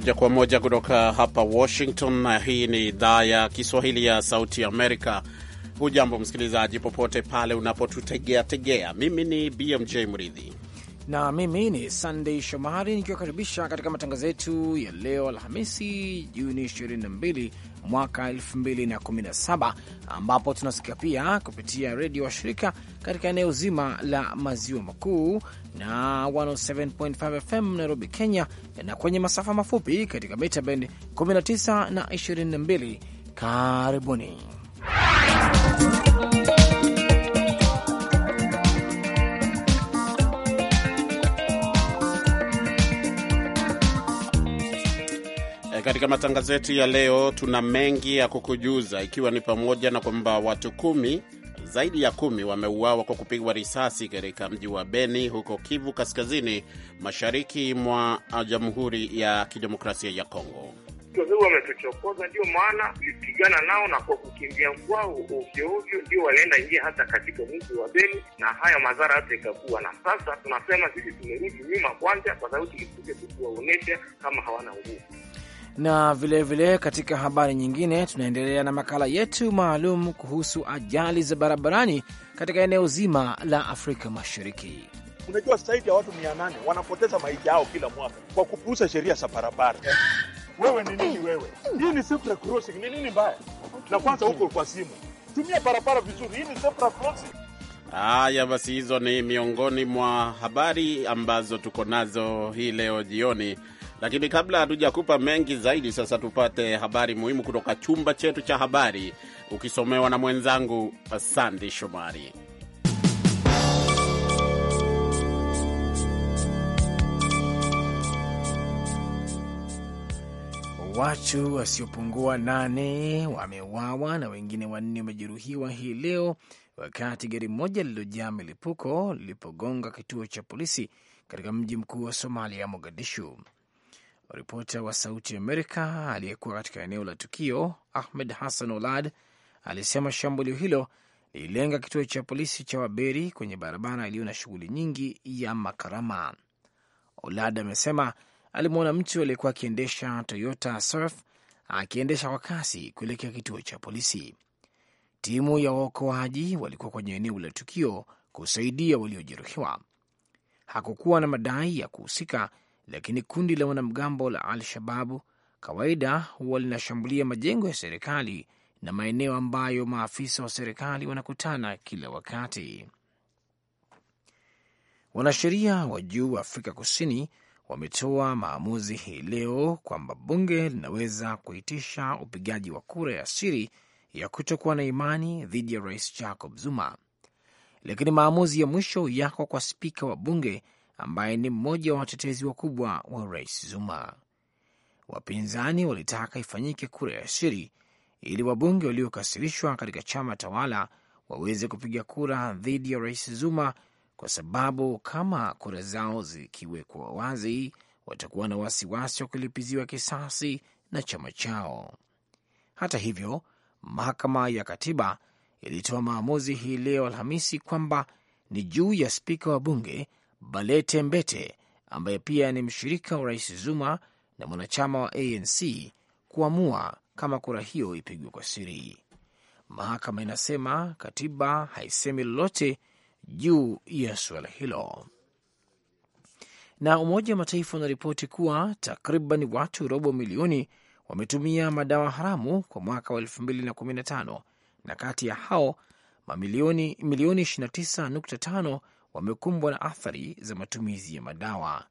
moja kwa moja kutoka hapa Washington, na hii ni idhaa ya Kiswahili ya Sauti Amerika. Hujambo msikilizaji, popote pale unapotutegea tegea. Mimi ni BMJ Mridhi na mimi ni sandey Shomari nikiwakaribisha katika matangazo yetu ya leo Alhamisi, Juni 22 mwaka 2017 ambapo tunasikia pia kupitia redio wa shirika katika eneo zima la maziwa makuu na 107.5 FM Nairobi, Kenya, na kwenye masafa mafupi katika mita 19 na 22. Karibuni. Katika matangazo yetu ya leo tuna mengi ya kukujuza, ikiwa ni pamoja na kwamba watu kumi zaidi ya kumi wameuawa kwa kupigwa risasi katika mji wa Beni huko Kivu Kaskazini, mashariki mwa Jamhuri ya Kidemokrasia ya Kongo. Wametuchokoza, ndio maana tulipigana nao, na kwa kukimbia kwao ovyoovyo ndio walienda ingia hata katika mji wa Beni, na haya madhara yote ikakuwa. Na sasa tunasema sisi tumerudi nyuma kwanja kwa sababu tulikuja kukuwaonyesha kama hawana nguvu. Na vilevile vile katika habari nyingine, tunaendelea na makala yetu maalum kuhusu ajali za barabarani katika eneo zima la Afrika Mashariki. Unajua, zaidi ya watu mia nane wanapoteza maisha yao kila mwaka kwa kupuuza sheria za barabara. Wewe ni nini? Wewe hii ni zebra crossing, ni nini mbaya? Na kwanza huko kwa simu, tumia barabara vizuri, hii ni zebra crossing. Haya basi, hizo ni miongoni mwa habari ambazo tuko nazo hii leo jioni. Lakini kabla hatujakupa mengi zaidi, sasa tupate habari muhimu kutoka chumba chetu cha habari, ukisomewa na mwenzangu Sandi Shomari. Watu wasiopungua nane wameuawa na wengine wanne wamejeruhiwa hii leo wakati gari moja lililojaa milipuko lilipogonga kituo cha polisi katika mji mkuu wa Somalia, Mogadishu. Ripota wa Sauti Amerika aliyekuwa katika eneo la tukio Ahmed Hassan Olad alisema shambulio hilo lililenga kituo cha polisi cha Waberi kwenye barabara iliyo na shughuli nyingi ya Makarama. Olad amesema alimwona mtu aliyekuwa akiendesha Toyota Surf akiendesha kwa kasi kuelekea kituo cha polisi. Timu ya waokoaji walikuwa kwenye eneo la tukio kusaidia waliojeruhiwa. Hakukuwa na madai ya kuhusika lakini kundi la wanamgambo la Al-Shababu kawaida huwa linashambulia majengo ya serikali na maeneo ambayo maafisa wa serikali wanakutana kila wakati. Wanasheria wa juu wa Afrika Kusini wametoa maamuzi hii leo kwamba bunge linaweza kuitisha upigaji wa kura ya siri ya kutokuwa na imani dhidi ya rais Jacob Zuma, lakini maamuzi ya mwisho yako kwa spika wa bunge ambaye ni mmoja wa watetezi wakubwa wa Rais Zuma. Wapinzani walitaka ifanyike kura ya siri ili wabunge waliokasirishwa katika chama tawala waweze kupiga kura dhidi ya Rais Zuma, kwa sababu kama kura zao zikiwekwa wazi watakuwa na wasiwasi wa kulipiziwa kisasi na chama chao. Hata hivyo, mahakama ya katiba ilitoa maamuzi hii leo Alhamisi kwamba ni juu ya spika wa bunge Balete Mbete ambaye pia ni mshirika wa Rais Zuma na mwanachama wa ANC kuamua kama kura hiyo ipigwe kwa siri. Mahakama inasema katiba haisemi lolote juu ya suala hilo. Na Umoja wa Mataifa unaripoti kuwa takriban watu robo milioni wametumia madawa haramu kwa mwaka wa 2015 na kati ya hao mamilioni milioni 29.5 wamekumbwa na athari za matumizi ya madawa.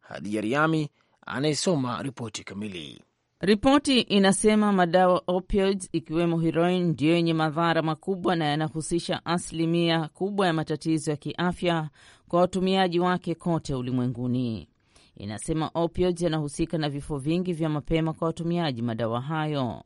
Hadija Riami anayesoma ripoti kamili. Ripoti inasema madawa opioids ikiwemo heroin ndiyo yenye madhara makubwa na yanahusisha asilimia kubwa ya matatizo ya kiafya kwa watumiaji wake kote ulimwenguni. Inasema opioids yanahusika na vifo vingi vya mapema kwa watumiaji madawa hayo.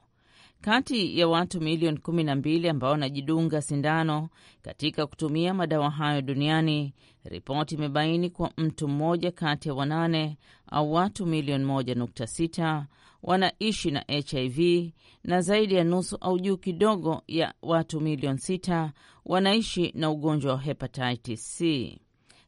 Kati ya watu milioni kumi na mbili ambao wanajidunga sindano katika kutumia madawa hayo duniani, ripoti imebaini kwa mtu mmoja kati ya wanane au watu milioni moja nukta sita wanaishi na HIV na zaidi ya nusu au juu kidogo ya watu milioni sita wanaishi na ugonjwa wa hepatitis C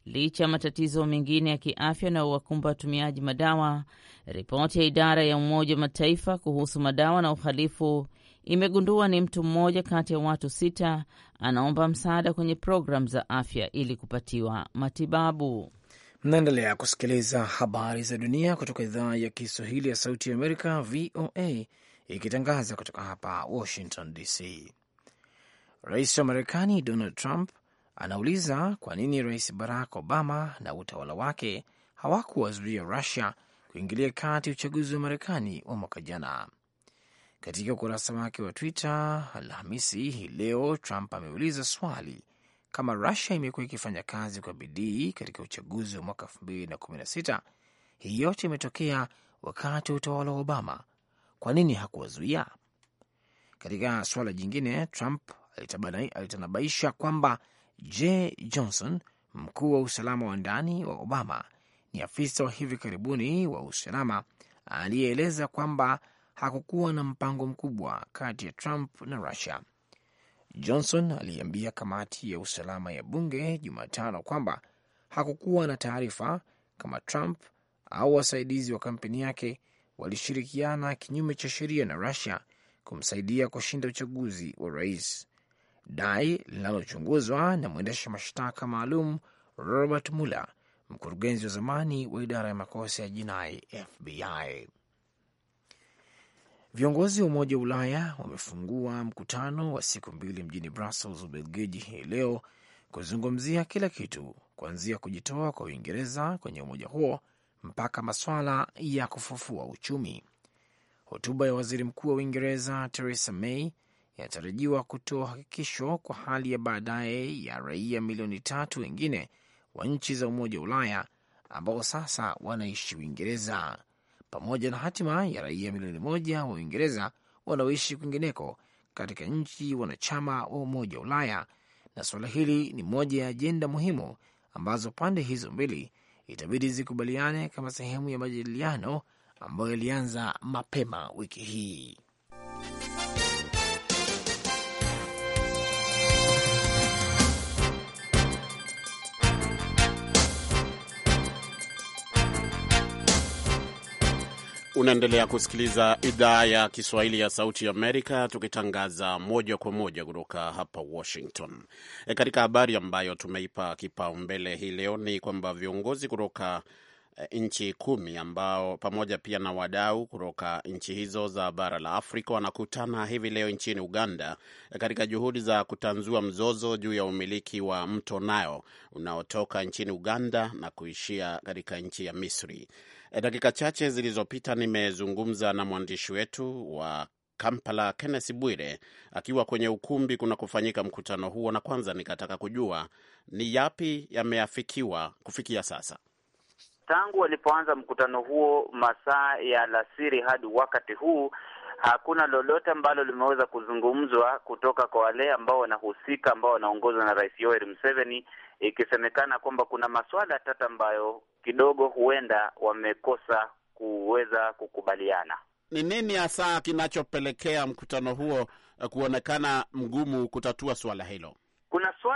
licha ya matatizo mengine ya kiafya na uwakumba watumiaji madawa. Ripoti ya idara ya Umoja wa Mataifa kuhusu madawa na uhalifu imegundua ni mtu mmoja kati ya watu sita anaomba msaada kwenye programu za afya ili kupatiwa matibabu. Mnaendelea kusikiliza habari za dunia kutoka idhaa ya Kiswahili ya Sauti ya Amerika, VOA, ikitangaza kutoka hapa Washington DC. Rais wa Marekani Donald Trump Anauliza kwa nini Rais Barack Obama na utawala wake hawakuwazuia Rusia kuingilia kati uchaguzi wa Marekani wa mwaka jana. Katika ukurasa wake wa Twitter Alhamisi hii leo, Trump ameuliza swali kama Rusia imekuwa ikifanya kazi kwa bidii katika uchaguzi wa mwaka 2016. Hii yote imetokea wakati wa utawala wa Obama, kwa nini hakuwazuia? Katika suala jingine, Trump alitanabaisha kwamba J Johnson, mkuu wa usalama wa ndani wa Obama, ni afisa wa hivi karibuni wa usalama aliyeeleza kwamba hakukuwa na mpango mkubwa kati ya Trump na Russia. Johnson aliambia kamati ya usalama ya bunge Jumatano kwamba hakukuwa na taarifa kama Trump au wasaidizi wa kampeni yake walishirikiana kinyume cha sheria na Russia kumsaidia kushinda uchaguzi wa rais dai linalochunguzwa na mwendesha mashtaka maalum Robert Mueller, mkurugenzi wa zamani wa idara ya makosa ya jinai FBI. Viongozi wa Umoja wa Ulaya wamefungua mkutano wa siku mbili mjini Brussels, Ubelgiji, hii leo kuzungumzia kila kitu kuanzia kujitoa kwa Uingereza kwenye umoja huo mpaka maswala ya kufufua uchumi. Hotuba ya waziri mkuu wa Uingereza Theresa May yanatarajiwa kutoa hakikisho kwa hali ya baadaye ya raia milioni tatu wengine wa nchi za Umoja wa Ulaya ambao sasa wanaishi Uingereza, pamoja na hatima ya raia milioni moja wa Uingereza wanaoishi kwingineko katika nchi wanachama wa Umoja wa Ulaya. Na suala hili ni moja ya ajenda muhimu ambazo pande hizo mbili itabidi zikubaliane kama sehemu ya majadiliano ambayo yalianza mapema wiki hii. Unaendelea kusikiliza idhaa ya Kiswahili ya Sauti Amerika, tukitangaza moja kwa moja kutoka hapa Washington. E, katika habari ambayo tumeipa kipaumbele hii leo ni kwamba viongozi kutoka e, nchi kumi ambao pamoja pia na wadau kutoka nchi hizo za bara la Afrika wanakutana hivi leo nchini Uganda e, katika juhudi za kutanzua mzozo juu ya umiliki wa mto Nile unaotoka nchini Uganda na kuishia katika nchi ya Misri. E, dakika chache zilizopita nimezungumza na mwandishi wetu wa Kampala, Kenneth Bwire akiwa kwenye ukumbi kuna kufanyika mkutano huo, na kwanza nikataka kujua ni yapi yameafikiwa kufikia sasa tangu walipoanza mkutano huo masaa ya alasiri hadi wakati huu hakuna lolote ambalo limeweza kuzungumzwa kutoka kwa wale ambao wanahusika ambao wanaongozwa na Rais Yoweri Museveni, ikisemekana kwamba kuna masuala tata ambayo kidogo huenda wamekosa kuweza kukubaliana. Ni nini hasa kinachopelekea mkutano huo kuonekana mgumu kutatua suala hilo?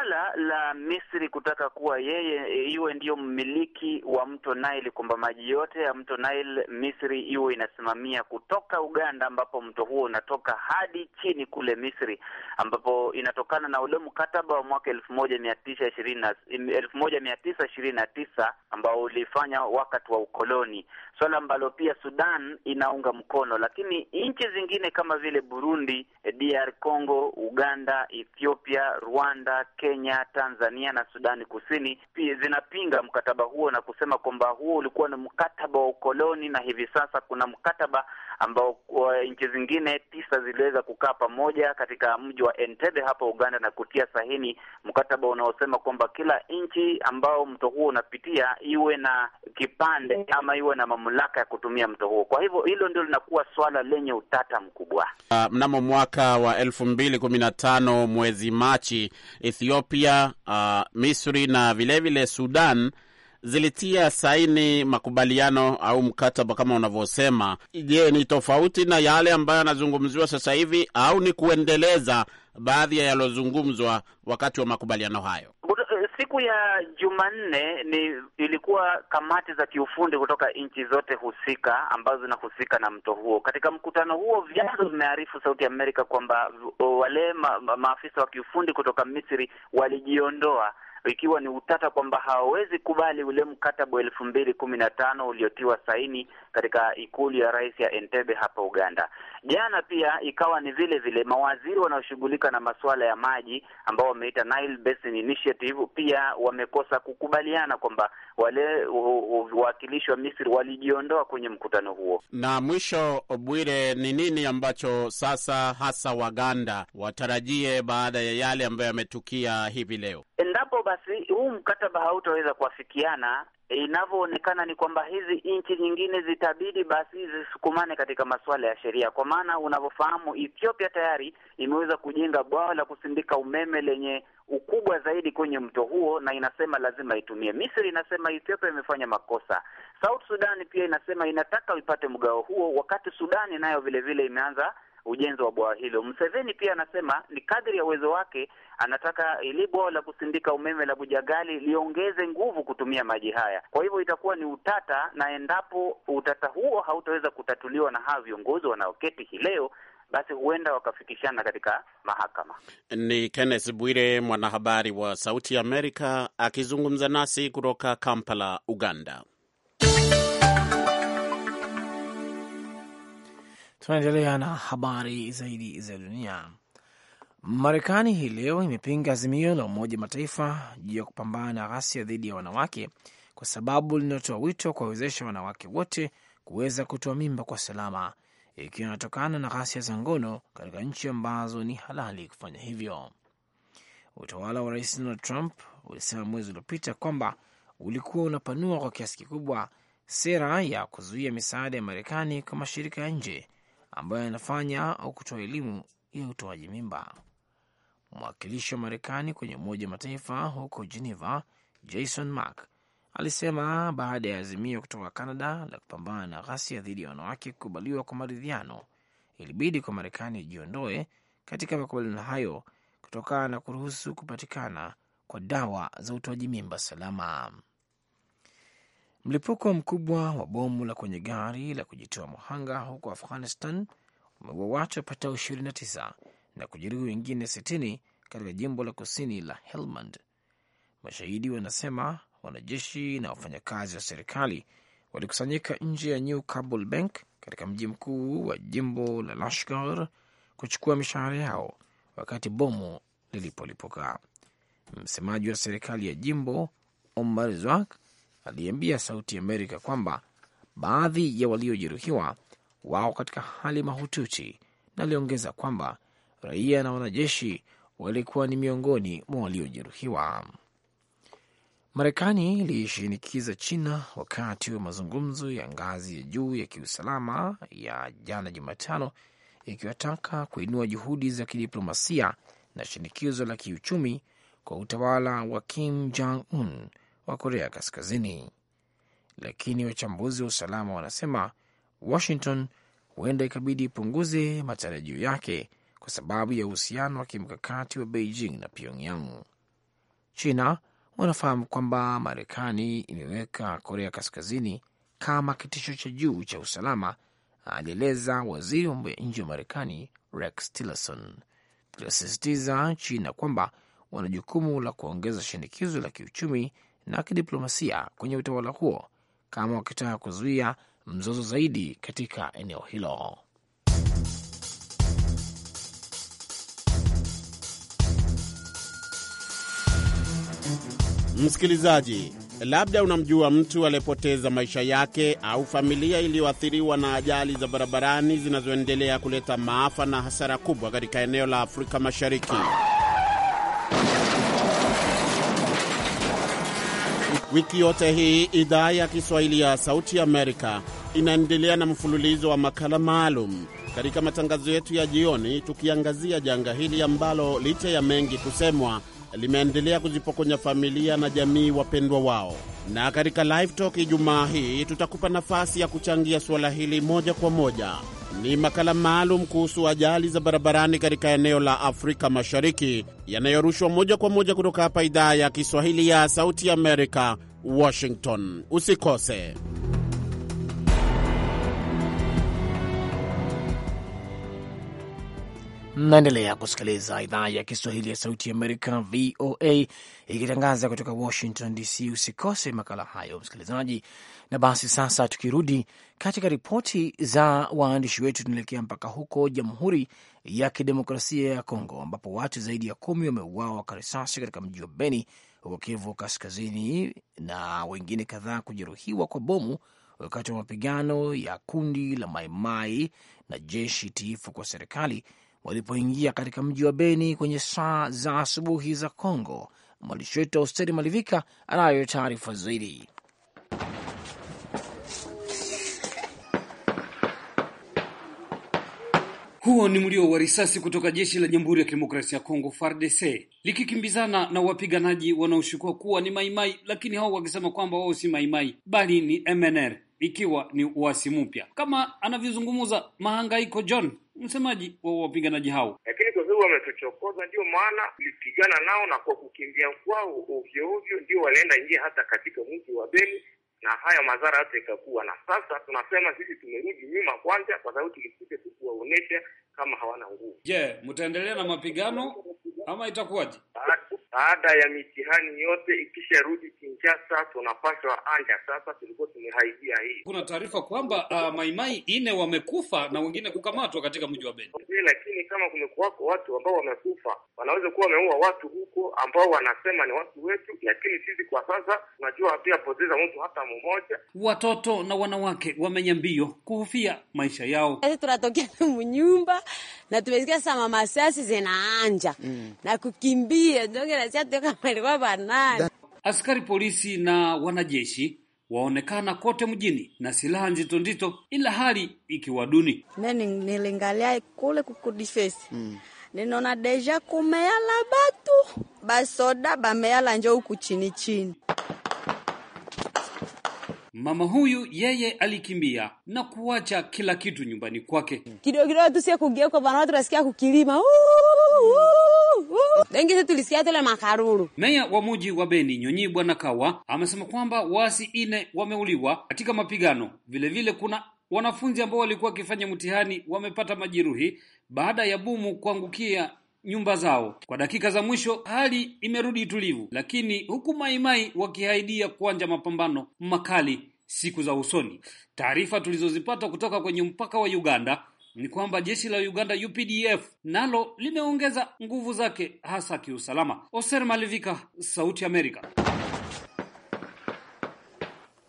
suala la Misri kutaka kuwa yeye e, iwe ndiyo mmiliki wa mto Nile, kwamba maji yote ya mto Nile Misri iwe inasimamia kutoka Uganda ambapo mto huo unatoka hadi chini kule Misri, ambapo inatokana na ule mkataba wa mwaka elfu moja mia tisa ishirini na elfu moja mia tisa ishirini na tisa ambao ulifanya wakati wa ukoloni swala ambalo pia Sudan inaunga mkono, lakini nchi zingine kama vile Burundi, eh, DR Congo, Uganda, Ethiopia, Rwanda, Kenya, Tanzania na Sudani Kusini pia zinapinga mkataba huo na kusema kwamba huo ulikuwa ni mkataba wa ukoloni, na hivi sasa kuna mkataba ambao eh, nchi zingine tisa ziliweza kukaa pamoja katika mji wa Entebbe hapa Uganda na kutia sahini mkataba unaosema kwamba kila nchi ambao mto huo unapitia iwe na kipande ama iwe na mamu mamlaka ya kutumia mto huo. Kwa hivyo hilo ndio linakuwa swala lenye utata mkubwa. Uh, mnamo mwaka wa elfu mbili kumi na tano mwezi Machi, Ethiopia, uh, Misri na vilevile vile Sudan zilitia saini makubaliano au mkataba kama unavyosema. Je, ni tofauti na yale ambayo yanazungumziwa sasa hivi au ni kuendeleza baadhi ya yaliyozungumzwa wakati wa makubaliano hayo? Siku ya Jumanne ni ilikuwa kamati za kiufundi kutoka nchi zote husika ambazo zinahusika na mto huo. Katika mkutano huo, vyanzo vimearifu Sauti ya Amerika kwamba uh, wale ma, ma, maafisa wa kiufundi kutoka Misri walijiondoa ikiwa ni utata kwamba hawawezi kubali ule mkataba wa elfu mbili kumi na tano uliotiwa saini katika ikulu ya rais ya Entebbe hapa Uganda. Jana pia ikawa ni vile vile mawaziri wanaoshughulika na masuala ya maji ambao wameita Nile Basin Initiative pia wamekosa kukubaliana kwamba wale wawakilishi wa Misri walijiondoa kwenye mkutano huo. Na mwisho, Bwire, ni nini ambacho sasa hasa Waganda watarajie baada ya yale ambayo yametukia hivi leo? Endapo basi huu mkataba hautaweza kuafikiana, inavyoonekana ni kwamba hizi nchi nyingine zitabidi basi zisukumane katika masuala ya sheria, kwa maana unavyofahamu, Ethiopia tayari imeweza kujenga bwawa la kusindika umeme lenye ukubwa zaidi kwenye mto huo, na inasema lazima itumie. Misri inasema Ethiopia imefanya makosa. South Sudan pia inasema inataka ipate mgao huo, wakati sudani nayo vilevile imeanza ujenzi wa bwawa hilo. Mseveni pia anasema ni kadri ya uwezo wake anataka ili bwawa la kusindika umeme la Bujagali liongeze nguvu kutumia maji haya. Kwa hivyo itakuwa ni utata, na endapo utata huo hautaweza kutatuliwa na hawa viongozi wanaoketi hii leo, basi huenda wakafikishana katika mahakama. Ni Kenneth Bwire, mwanahabari wa Sauti ya Amerika, akizungumza nasi kutoka Kampala, Uganda. Tunaendelea na habari zaidi za dunia. Marekani hii leo imepinga azimio la Umoja Mataifa juu ya kupambana na ghasia dhidi ya wanawake kwa sababu linatoa wito kuwawezesha wanawake wote kuweza kutoa mimba kwa salama, ikiwa inatokana na ghasia za ngono katika nchi ambazo ni halali kufanya hivyo. Utawala wa Rais Donald Trump ulisema mwezi uliopita kwamba ulikuwa unapanua kwa kiasi kikubwa sera ya kuzuia misaada ya Marekani kwa mashirika ya nje ambayo yanafanya au kutoa elimu ya utoaji mimba. Mwakilishi wa Marekani kwenye Umoja wa Mataifa huko Geneva, Jason Mark alisema baada ya azimio kutoka Canada la kupambana na ghasia dhidi ya wanawake kukubaliwa kwa maridhiano, ilibidi kwa Marekani ijiondoe katika makubaliano hayo kutokana na kuruhusu kupatikana kwa dawa za utoaji mimba salama. Mlipuko mkubwa wa bomu la kwenye gari la kujitoa muhanga huko Afghanistan umeua watu wapatao 29 na kujeruhi wengine 60 katika jimbo la kusini la Helmand. Mashahidi wanasema wanajeshi na wafanyakazi wa serikali walikusanyika nje ya New Kabul Bank katika mji mkuu wa jimbo la Lashkar kuchukua mishahara yao wakati bomu lilipolipuka. Msemaji wa serikali ya jimbo Omar Zwak aliyeambia Sauti Amerika kwamba baadhi ya waliojeruhiwa wao katika hali mahututi, na aliongeza kwamba raia na wanajeshi walikuwa ni miongoni mwa waliojeruhiwa. Marekani ilishinikiza China wakati wa mazungumzo ya ngazi ya juu ya kiusalama ya jana Jumatano, ikiwataka kuinua juhudi za kidiplomasia na shinikizo la kiuchumi kwa utawala wa Kim Jong Un wa Korea Kaskazini, lakini wachambuzi wa usalama wanasema Washington huenda ikabidi ipunguze matarajio yake kwa sababu ya uhusiano wa kimkakati wa Beijing na Pyongyang. China wanafahamu kwamba Marekani imeweka Korea Kaskazini kama kitisho cha juu cha usalama, alieleza waziri wa mambo ya nje wa Marekani Rex Tillerson. iliosisitiza China kwamba wana jukumu la kuongeza shinikizo la kiuchumi na kidiplomasia kwenye utawala huo kama wakitaka kuzuia mzozo zaidi katika eneo hilo. Msikilizaji, labda unamjua mtu aliyepoteza maisha yake au familia iliyoathiriwa na ajali za barabarani zinazoendelea kuleta maafa na hasara kubwa katika eneo la Afrika Mashariki. Wiki yote hii idhaa ya Kiswahili ya Sauti Amerika inaendelea na mfululizo wa makala maalum katika matangazo yetu ya jioni, tukiangazia janga hili ambalo licha ya mengi kusemwa limeendelea kuzipokonya familia na jamii wapendwa wao. Na katika Live Talk Ijumaa hii tutakupa nafasi ya kuchangia suala hili moja kwa moja. Ni makala maalum kuhusu ajali za barabarani katika eneo la Afrika Mashariki yanayorushwa moja kwa moja kutoka hapa idhaa ya Kiswahili ya Sauti Amerika, Washington. Usikose. Mnaendelea kusikiliza idhaa ya Kiswahili ya Sauti Amerika, VOA, ikitangaza kutoka Washington DC. Usikose makala hayo, msikilizaji. Na basi sasa, tukirudi katika ripoti za waandishi wetu, tunaelekea mpaka huko Jamhuri ya Kidemokrasia ya Kongo, ambapo watu zaidi ya kumi wameuawa kwa risasi katika mji wa Beni huko Kivu Kaskazini, na wengine kadhaa kujeruhiwa kwa bomu wakati wa mapigano ya kundi la Maimai na jeshi tiifu kwa serikali walipoingia katika mji wa Beni kwenye saa za asubuhi za congo Mwandishi wetu Austeri Malivika anayo taarifa zaidi. Huo ni mlio wa risasi kutoka jeshi la Jamhuri ya Kidemokrasia ya Kongo FARDC likikimbizana na wapiganaji wanaoshukua kuwa ni maimai, lakini hao wakisema kwamba wao si maimai bali ni MNR ikiwa ni uasi mpya, kama anavyozungumza Mahangaiko John, msemaji wa wapiganaji hao. Lakini kwa sababu wametuchokoza, ndio maana tulipigana nao, na kwa kukimbia kwao ovyo ovyo ndio walienda nje hata katika mji wa Beni na haya madhara yote ikakuwa. Na sasa tunasema sisi tumerudi nyuma kwanza, kwa sababu tulikuja tu kuwaonesha kama hawana nguvu. Je, yeah, mtaendelea na mapigano ama itakuwaje? Baada ya mitihani yote ikisharudi Kinshasa, tunapashwa anja sasa. Tulikuwa tumehaidia hii. Kuna taarifa kwamba uh, maimai ine wamekufa na wengine kukamatwa katika mji wa Beni, lakini kama kumekuwako watu ambao wamekufa, wanaweza kuwa wameua watu huko ambao wanasema ni watu wetu, lakini sisi kwa sasa tunajua pia poteza mtu hata umoja. Watoto na wanawake wamenya mbio kuhofia maisha yao. Sasa tunatokea mnyumba na tumesikia sasa mama masasi zinaanja mm. na kukimbia ndio nasia toka malikuwa banani. Askari polisi na wanajeshi waonekana kote mjini na silaha nzito nzito, ila hali ikiwa duni. Mimi nilingalia kule defense mm. ninaona deja kumeala batu basoda bameala njo huku chini chini Mama huyu yeye alikimbia na kuacha kila kitu nyumbani kwake. Kidogo kidogo tu sio kugia kwa bwana, watu nasikia kukilima wengi tulisikia tele makaruru. Meya wa muji wa Beni Nyonyi Bwana Kawa amesema kwamba waasi ine wameuliwa katika mapigano. Vilevile vile kuna wanafunzi ambao walikuwa wakifanya mtihani wamepata majeruhi baada ya bumu kuangukia nyumba zao. Kwa dakika za mwisho hali imerudi tulivu, lakini huku Maimai wakihaidia kuanja mapambano makali siku za usoni. Taarifa tulizozipata kutoka kwenye mpaka wa Uganda ni kwamba jeshi la Uganda UPDF nalo limeongeza nguvu zake hasa kiusalama. Oser Malivika, Sauti Amerika.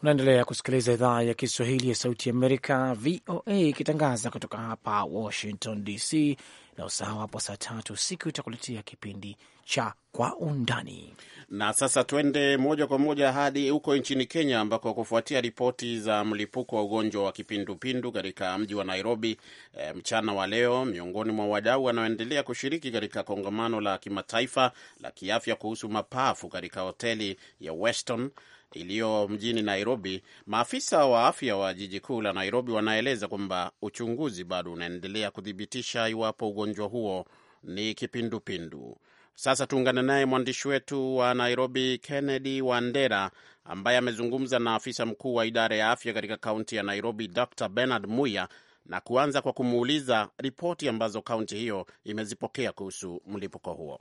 Unaendelea kusikiliza idhaa ya Kiswahili ya Sauti Amerika, VOA, ikitangaza kutoka hapa Washington DC. Na usahau hapo, saa tatu usiku itakuletea kipindi cha Kwa Undani. Na sasa tuende moja kwa moja hadi huko nchini Kenya, ambako kufuatia ripoti za mlipuko wa ugonjwa wa kipindupindu katika mji wa Nairobi e, mchana wa leo, miongoni mwa wadau wanaoendelea kushiriki katika kongamano la kimataifa la kiafya kuhusu mapafu katika hoteli ya Weston iliyo mjini Nairobi, maafisa wa afya wa jiji kuu la Nairobi wanaeleza kwamba uchunguzi bado unaendelea kuthibitisha iwapo ugonjwa huo ni kipindupindu. Sasa tuungane naye mwandishi wetu wa Nairobi, Kennedy Wandera, ambaye amezungumza na afisa mkuu wa idara ya afya katika kaunti ya Nairobi, Dr Bernard Muya, na kuanza kwa kumuuliza ripoti ambazo kaunti hiyo imezipokea kuhusu mlipuko huo.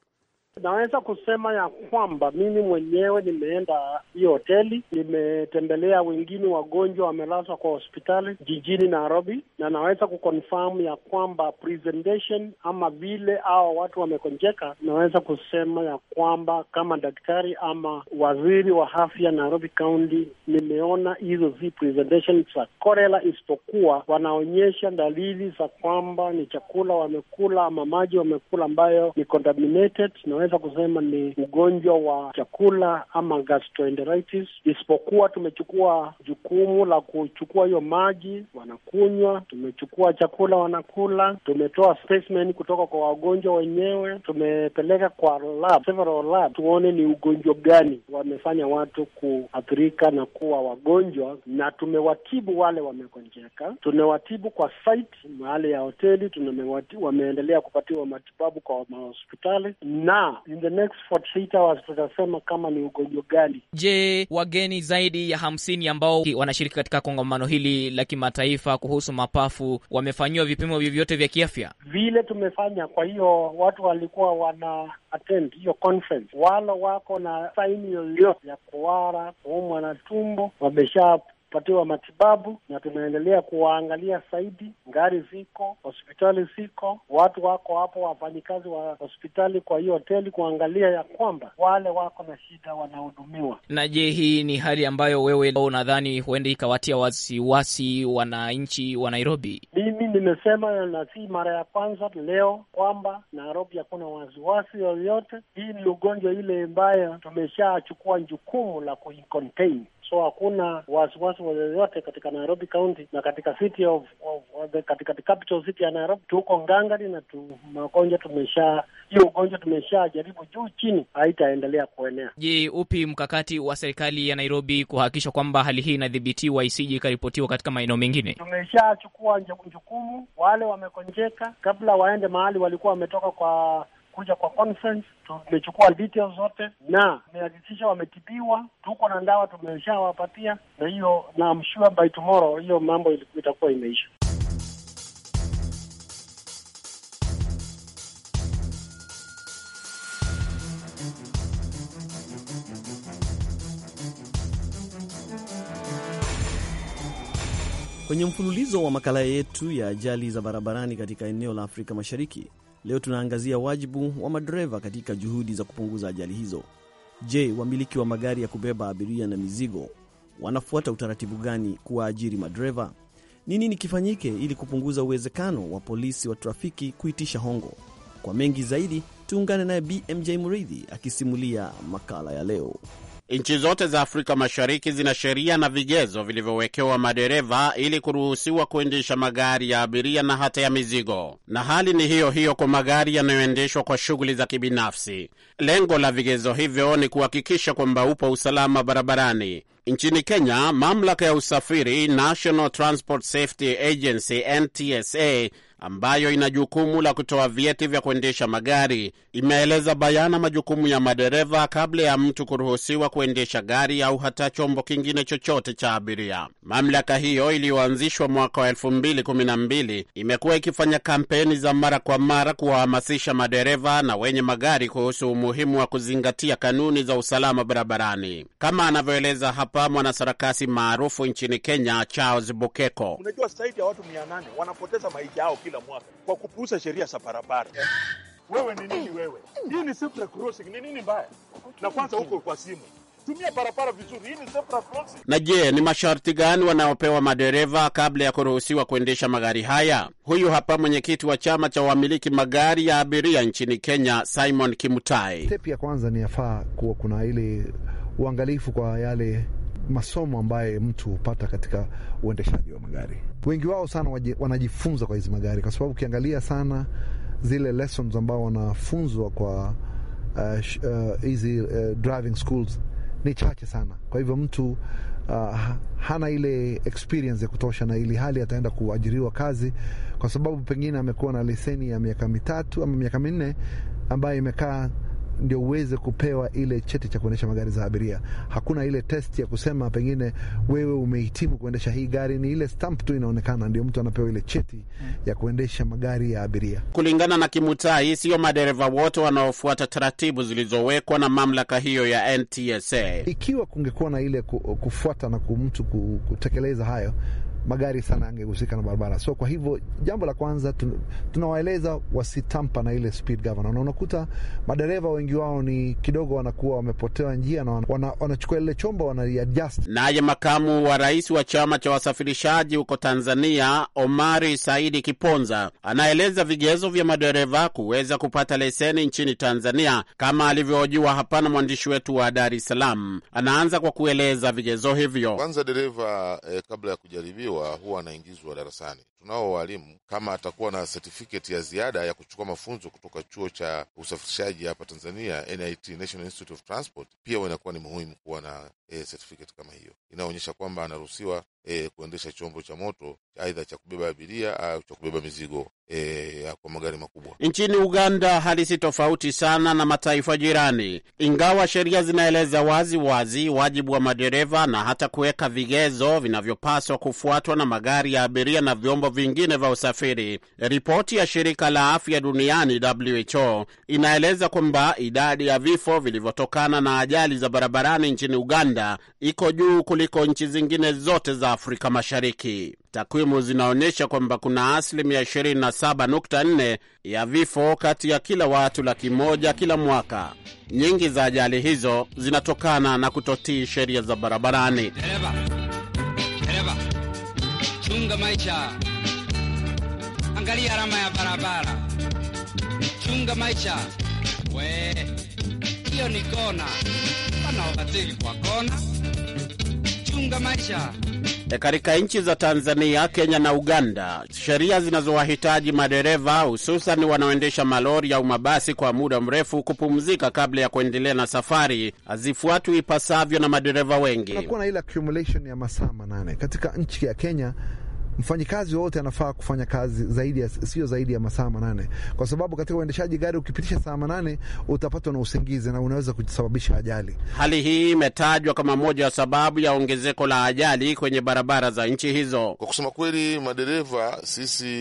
Naweza kusema ya kwamba mimi mwenyewe nimeenda hiyo hoteli, nimetembelea wengine wagonjwa wamelazwa kwa hospitali jijini Nairobi, na naweza kuconfirm ya kwamba presentation ama vile hawa watu wamekonjeka, naweza kusema ya kwamba kama daktari ama waziri wa afya Nairobi County, nimeona hizo zi presentation za korela isipokuwa wanaonyesha dalili za kwamba ni chakula wamekula ama maji wamekula ambayo ni contaminated tunaweza kusema ni ugonjwa wa chakula ama gastroenteritis, isipokuwa tumechukua jukumu la kuchukua hiyo maji wanakunywa, tumechukua chakula wanakula, tumetoa specimen kutoka kwa wagonjwa wenyewe, tumepeleka kwa lab, several lab, tuone ni ugonjwa gani wamefanya watu kuathirika na kuwa wagonjwa, na tumewatibu wale wamegonjeka, tunawatibu kwa site mahali ya hoteli, wameendelea kupatiwa matibabu kwa mahospitali na in the next 48 hours tutasema kama ni ugonjwa gani. Je, wageni zaidi ya hamsini ambao wanashiriki katika kongamano hili la kimataifa kuhusu mapafu wamefanyiwa vipimo vyovyote vya kiafya? Vile tumefanya, kwa hiyo watu walikuwa wana attend hiyo conference, wala wako na saini yoyote ya kuwara kuumwa na tumbo wamesha kupatiwa matibabu, na tunaendelea kuwaangalia zaidi. Ngari ziko hospitali, ziko watu wako hapo, wafanyikazi wa hospitali kwa hiyo hoteli, kuangalia ya kwamba wale wako na shida wanahudumiwa. Na je, hii ni hali ambayo wewe unadhani huenda ikawatia wasiwasi wananchi wa Nairobi? Mimi nimesema na si mara ya kwanza leo kwamba Nairobi hakuna wasiwasi yoyote. Hii ni ugonjwa ile ambayo tumeshachukua jukumu la kuicontain so hakuna wasiwasi wayoyote katika Nairobi County na katika city of, of, of the, katika the capital city ya Nairobi tuko ngangari na tu, magonjwa tumesha hiyo ugonjwa tumesha jaribu juu chini, haitaendelea kuenea. Je, upi mkakati wa serikali ya Nairobi kuhakikisha kwamba hali hii inadhibitiwa isiji ikaripotiwa katika maeneo mengine? Tumeshachukua jukumu, wale wamekonjeka kabla waende mahali walikuwa wametoka kwa kuja kwa conference, tumechukua details zote na tumehakikisha wametibiwa, tuko na dawa tumeshawapatia, na hiyo na I'm sure by tomorrow hiyo mambo itakuwa imeisha. Kwenye mfululizo wa makala yetu ya ajali za barabarani katika eneo la Afrika Mashariki, Leo tunaangazia wajibu wa madereva katika juhudi za kupunguza ajali hizo. Je, wamiliki wa magari ya kubeba abiria na mizigo wanafuata utaratibu gani kuwaajiri madereva? Ni nini kifanyike ili kupunguza uwezekano wa polisi wa trafiki kuitisha hongo? Kwa mengi zaidi, tuungane naye BMJ Muridhi akisimulia makala ya leo. Nchi zote za Afrika Mashariki zina sheria na vigezo vilivyowekewa madereva ili kuruhusiwa kuendesha magari ya abiria na hata ya mizigo, na hali ni hiyo hiyo kwa magari yanayoendeshwa kwa shughuli za kibinafsi. Lengo la vigezo hivyo ni kuhakikisha kwamba upo usalama barabarani. Nchini Kenya, mamlaka ya usafiri National Transport Safety Agency NTSA ambayo ina jukumu la kutoa vyeti vya kuendesha magari imeeleza bayana majukumu ya madereva kabla ya mtu kuruhusiwa kuendesha gari au hata chombo kingine chochote cha abiria. Mamlaka hiyo iliyoanzishwa mwaka wa elfu mbili kumi na mbili imekuwa ikifanya kampeni za mara kwa mara kuwahamasisha madereva na wenye magari kuhusu umuhimu wa kuzingatia kanuni za usalama barabarani, kama anavyoeleza hapa mwanasarakasi maarufu nchini Kenya Charles Bukeko. Unajua zaidi ya watu mia nane wanapoteza maisha yao kila kila mwaka kwa kupuuza sheria za barabara. Wewe ni nini wewe? Hii ni zebra crossing, ni nini mbaya? Na kwanza huko kwa simu tumia barabara vizuri, hii ni zebra crossing. Na je, ni masharti gani wanaopewa madereva kabla ya kuruhusiwa kuendesha magari haya? Huyu hapa mwenyekiti wa chama cha wamiliki magari ya abiria nchini Kenya, Simon Kimutai. Step ya kwanza ni yafaa kuwa kuna ile uangalifu kwa yale masomo ambaye mtu hupata katika uendeshaji wa magari. Wengi wao sana wanajifunza kwa hizi magari, kwa sababu ukiangalia sana zile lessons ambao wanafunzwa kwa uh, uh, hizi uh, uh, uh, driving schools ni chache sana. Kwa hivyo mtu uh, hana ile experience ya kutosha, na ili hali ataenda kuajiriwa kazi, kwa sababu pengine amekuwa na leseni ya miaka mitatu ama miaka minne ambayo imekaa ndio uweze kupewa ile cheti cha kuendesha magari za abiria. Hakuna ile test ya kusema pengine wewe umehitimu kuendesha hii gari, ni ile stamp tu inaonekana, ndio mtu anapewa ile cheti mm. ya kuendesha magari ya abiria. Kulingana na Kimutai, sio madereva wote wanaofuata taratibu zilizowekwa na mamlaka hiyo ya NTSA. Ikiwa kungekuwa na ile kufuata na mtu kutekeleza hayo magari sana yangehusika na barabara. So kwa hivyo jambo la kwanza tunawaeleza wasitampa na ile speed governor, na unakuta madereva wengi wao ni kidogo wanakuwa wamepotewa njia na wanachukua wana ile chombo wanaiadjust. Naye makamu wa rais wa chama cha wasafirishaji huko Tanzania Omari Saidi Kiponza anaeleza vigezo vya madereva kuweza kupata leseni nchini Tanzania kama alivyohojiwa hapa na mwandishi wetu wa Dar es Salaam. Anaanza kwa kueleza vigezo hivyo. Kwanza dereva eh, kabla ya kujaribiwa akichelewa huwa anaingizwa darasani tunao walimu, kama atakuwa na certificate ya ziada ya kuchukua mafunzo kutoka chuo cha usafirishaji hapa Tanzania, NIT, National Institute of Transport, pia inakuwa ni muhimu kuwa na e, certificate kama hiyo inayoonyesha kwamba anaruhusiwa e, kuendesha chombo cha moto aidha cha kubeba abiria au cha kubeba mizigo e, kwa magari makubwa. Nchini Uganda hali si tofauti sana na mataifa jirani, ingawa sheria zinaeleza wazi wazi wajibu wa madereva na hata kuweka vigezo vinavyopaswa kufuatwa na magari ya abiria na vyombo vingine vya usafiri. Ripoti ya shirika la afya duniani WHO inaeleza kwamba idadi ya vifo vilivyotokana na ajali za barabarani nchini Uganda iko juu kuliko nchi zingine zote za Afrika Mashariki. Takwimu zinaonyesha kwamba kuna asilimia 27.4 ya vifo kati ya kila watu laki moja kila mwaka. Nyingi za ajali hizo zinatokana na kutotii sheria za barabarani. Dereva, dereva, chunga maisha angalia alama ya barabara, chunga maisha we. Hiyo ni kona, wanaobatili kwa kona, chunga maisha. E, katika nchi za Tanzania, Kenya na Uganda, sheria zinazowahitaji madereva hususan wanaoendesha malori au mabasi kwa muda mrefu kupumzika kabla ya kuendelea na safari hazifuatwi ipasavyo na madereva wengi. Kuna ile accumulation ya masaa manane katika nchi ya Kenya mfanyikazi wote anafaa kufanya kazi zaidi ya, sio zaidi ya masaa manane, kwa sababu katika uendeshaji gari ukipitisha saa manane utapatwa na usingizi na unaweza kusababisha ajali. Hali hii imetajwa kama moja ya sababu ya ongezeko la ajali kwenye barabara za nchi hizo. Kwa kusema kweli, madereva sisi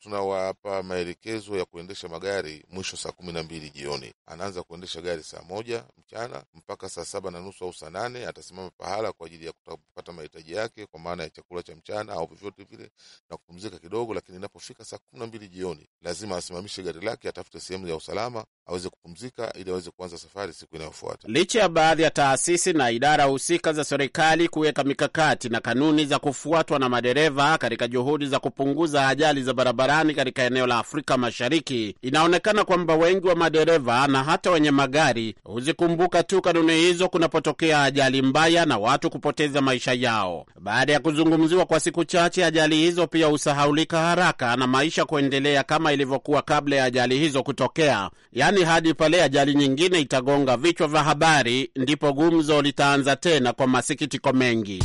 tunawapa maelekezo ya kuendesha magari mwisho saa kumi na mbili jioni. Anaanza kuendesha gari saa moja mchana mpaka saa saba na nusu au saa nane atasimama pahala kwa ajili ya kupata mahitaji yake, kwa maana ya chakula cha mchana au vyovyote vile na kupumzika kidogo, lakini inapofika saa kumi na mbili jioni lazima asimamishe gari lake, atafute sehemu ya usalama aweze kupumzika ili aweze kuanza safari siku inayofuata. Licha ya baadhi ya taasisi na idara husika za serikali kuweka mikakati na kanuni za kufuatwa na madereva katika juhudi za kupunguza ajali za barabarani katika eneo la Afrika Mashariki, inaonekana kwamba wengi wa madereva na hata wenye magari huzikumbuka tu kanuni hizo kunapotokea ajali mbaya na watu kupoteza maisha yao. Baada ya kuzungumziwa kwa siku chache ajali hizo pia husahaulika haraka na maisha kuendelea kama ilivyokuwa kabla ya ajali hizo kutokea, yaani hadi pale ajali nyingine itagonga vichwa vya habari, ndipo gumzo litaanza tena kwa masikitiko mengi.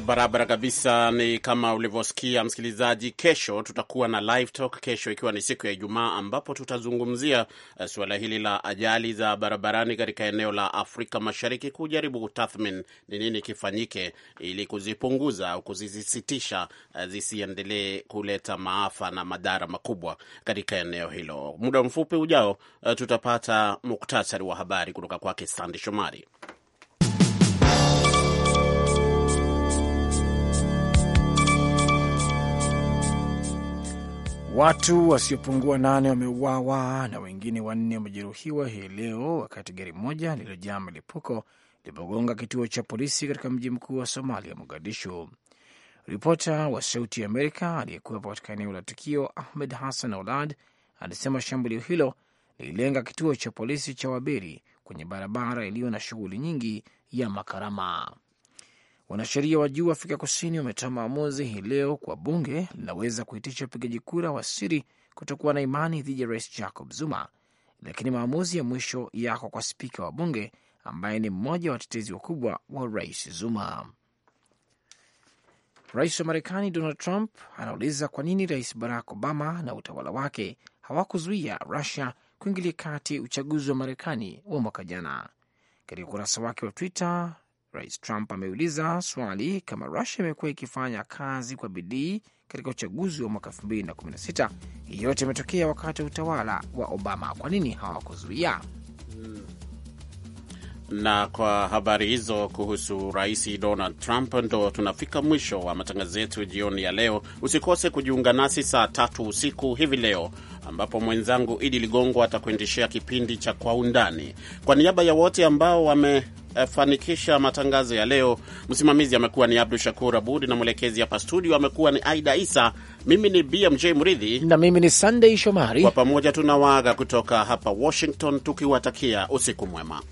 Barabara kabisa. Ni kama ulivyosikia msikilizaji, kesho tutakuwa na live talk, kesho ikiwa ni siku ya Ijumaa, ambapo tutazungumzia eh, suala hili la ajali za barabarani katika eneo la Afrika Mashariki, kujaribu kutathmin ni nini kifanyike ili kuzipunguza au kuzisitisha eh, zisiendelee kuleta maafa na madhara makubwa katika eneo hilo. Muda mfupi ujao eh, tutapata muktasari wa habari kutoka kwake Sande Shomari. Watu wasiopungua nane wameuawa na wengine wanne wamejeruhiwa hii leo wakati gari moja lililojaa milipuko lilipogonga kituo cha polisi katika mji mkuu wa Somalia, Mogadishu. Ripota wa Sauti ya Amerika aliyekuwepo katika eneo la tukio, Ahmed Hassan Olad, alisema shambulio hilo lililenga kituo cha polisi cha Waberi kwenye barabara iliyo na shughuli nyingi ya Makarama. Wanasheria wa juu Afrika Kusini wametoa maamuzi hii leo kwa bunge linaweza kuitisha upigaji kura wa siri kutokuwa na imani dhidi ya rais Jacob Zuma, lakini maamuzi ya mwisho yako kwa spika wa bunge ambaye ni mmoja wa watetezi wakubwa wa rais Zuma. Rais wa Marekani Donald Trump anauliza kwa nini rais Barack Obama na utawala wake hawakuzuia Rusia kuingilia kati uchaguzi wa Marekani wa mwaka jana. Katika ukurasa wake wa Twitter, Rais Trump ameuliza swali kama Rusia imekuwa ikifanya kazi kwa bidii katika uchaguzi wa mwaka 2016. Hii yote imetokea wakati wa utawala wa Obama. Kwa nini hawakuzuia? Hmm na kwa habari hizo kuhusu Rais Donald Trump, ndo tunafika mwisho wa matangazo yetu jioni ya leo. Usikose kujiunga nasi saa tatu usiku hivi leo, ambapo mwenzangu Idi Ligongo atakuendeshea kipindi cha Kwa Undani. Kwa niaba ya wote ambao wamefanikisha matangazo ya leo, msimamizi amekuwa ni Abdu Shakur Abud na mwelekezi hapa studio amekuwa ni Aida Isa. Mimi ni BMJ Mridhi na mimi ni sandey Shomari. Kwa pamoja tunawaaga kutoka hapa Washington tukiwatakia usiku mwema.